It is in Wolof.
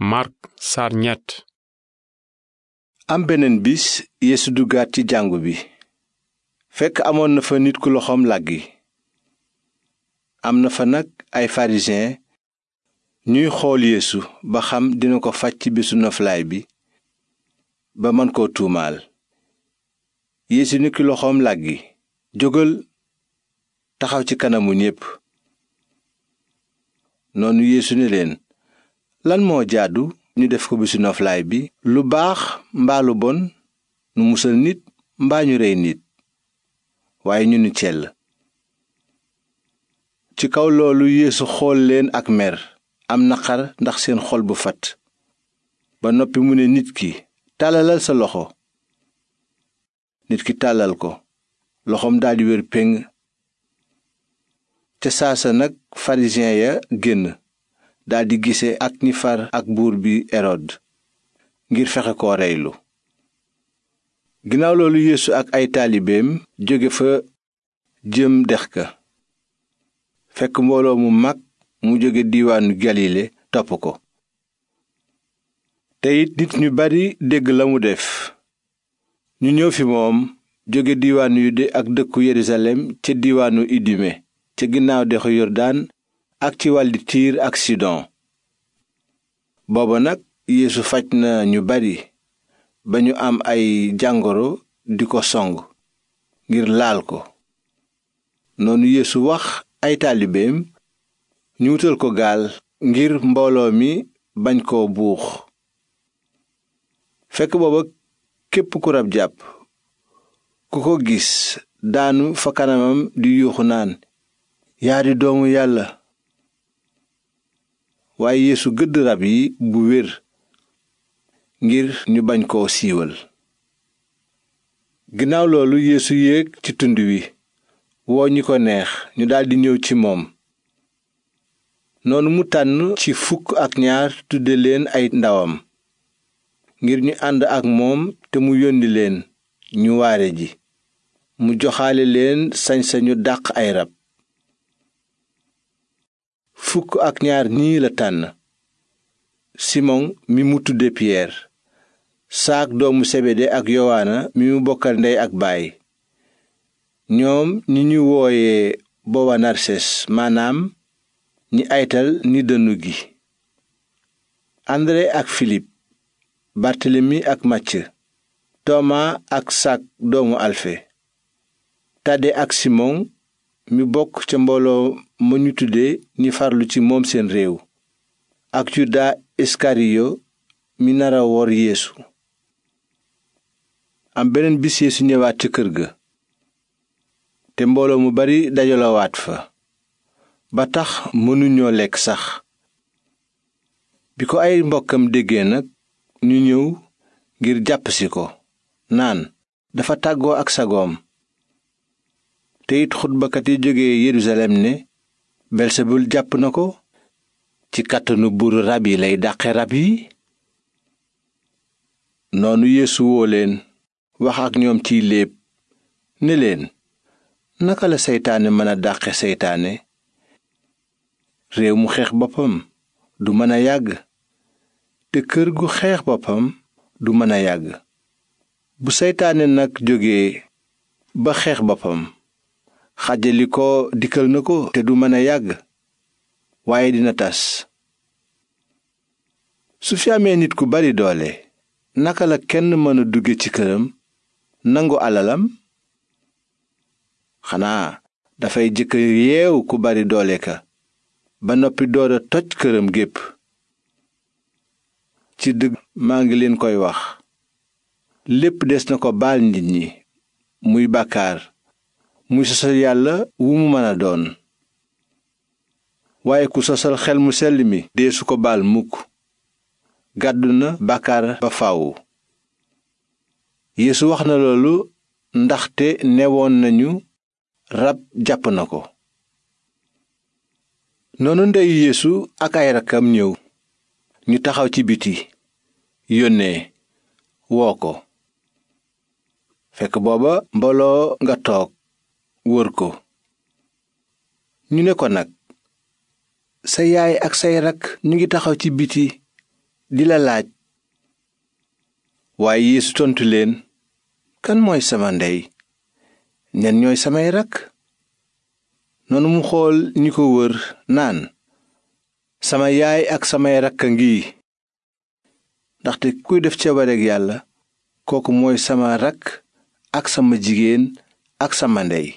Mark sar am beneen bis Yeesu duggaat ci jàngu bi fekk amoon na fa nit ku loxoom làggi am na fa nag ay pharisien ñuy xool Yeesu ba xam dina ko faj ci bésu noflaay bi ba man koo tuumaal Yeesu ni ki loxoom làggi jógal taxaw ci kanamu ñépp noonu yéesu ne leen lan moo jaadu ñu def ko bisu noflaay bi lu baax mbaa lu bon nu musal nit mbaa ñu rey nit waaye ñu ni cell ci kaw loolu yeesu xool leen ak mer am naqar ndax seen xol bu fatt ba noppi mu ne nit ki tàllalal sa loxo nit ki tàllal ko loxoom daldi wér péng ca saasa nag farisiyen ya génn daldi gise ak ni far ak buur bi erod ngir fexe ko reylu ginnaaw loolu yeesu ak ay taalibeem jóge fa jëm dex ka fekk mbooloo mu mag mu jóge diwaanu galile topp ko te it nit ñu bari dégg la mu def ñu ñëw fi moom jóge yu yude ak dëkku yerusalem ca diwaanu idime ca ginnaaw dexu yordaan ak ci wàlli tiir ak booba nag yéesu faj na ñu bari ba ñu am ay jàngoro di ko song ngir laal ko noonu yéesu wax ay taalibeem ñu wutal ko gaal ngir mbooloo mi bañ koo buux fekk booba képp ku jàpp ku ko gis daanu fa kanamam di yuuxu naan yaa di doomu yàlla waaye yeesu gëdd rab yi bu wér ngir ñu bañ koo siiwal ginnaaw loolu yeesu yéeg ci tund wi woo ñi ko neex ñu daldi ñëw ci moom noonu mu tànn ci fukk ak ñaar tudde leen ay ndawam ngir ñu ànd ak moom te mu yónni leen ñu waare ji mu joxale leen sañ-sañu dàq ay rab fukk ak ñaar ñii la tànn simon mi mu tudde piyeer saak doomu sebede ak yowaana mi mu bokkal ndey ak baay ñoom ñi ñu wooye booba narses maanaam ñi aytal ni dënnu gi andre ak filip bartelemi ak màcc toomaa ak sak doomu alfe tade ak simon mi bokk ca mbooloo ma ñu tudde ni farlu ci moom seen réew ak yuda iskariyo mi nara wor yeesu am beneen bis yeesu ñëwaat ca kër ga te mbooloo mu bari dajalawaat fa ba tax mënuñoo lekk sax bi ko ay mbokkam déggee nag ñu ñëw ngir jàpp si ko naan dafa tàggoo ak sagoom te it yi jóge yerusalem ne belsebul jàpp na ko ci kàttanu buur rab yi lay dàqe rab yi noonu yeesu woo leen wax ak ñoom ciy léeb ni leen naka la seytaane mën a dàqe seytaane réew mu xeex boppam du mën a yàgg te kër gu xeex boppam du mën a yàgg bu seytaane nag jóge ba xeex boppam xàjjali ko dikkal na ko te du mën a yàgg waaye dina tas su fi amee nit ku bari doole naka la kenn mën a dugge ci këram nangu alalam xanaa dafay jëkk yeew ku bari doole ka ba noppi door toj këram gépp ci dëgg maa ngi leen koy wax lépp des na ko baal nit ñi muy bàkkaar muy sosal yàlla wu mu mën a doon waaye ku sosal xel mu selli mi deesu ko baal mukk gàddu na bàkkaar ba faaw yeesu wax na loolu ndaxte newoon nañu rab jàpp na ko noonu ndeyu yeesu ak ay rakkam ñëw ñu taxaw ci biti yónnee woo ko fekk booba mbooloo nga toog wër ko ñu ne ko nag sa yaay ak say rakk ñu ngi taxaw ci biti di la laaj waaye Yeesu tontu leen kan mooy sama ndey ñan ñooy samay rakk noonu mu xool ñi ko wër naan sama yaay ak samay rakk a ngi ndaxte kuy def ceebareeg yàlla kooku mooy sama rakk ak sama jigéen ak sama ndey